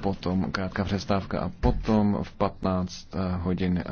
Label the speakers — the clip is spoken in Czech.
Speaker 1: potom krátká přestávka a potom v 15 eh, hodin eh,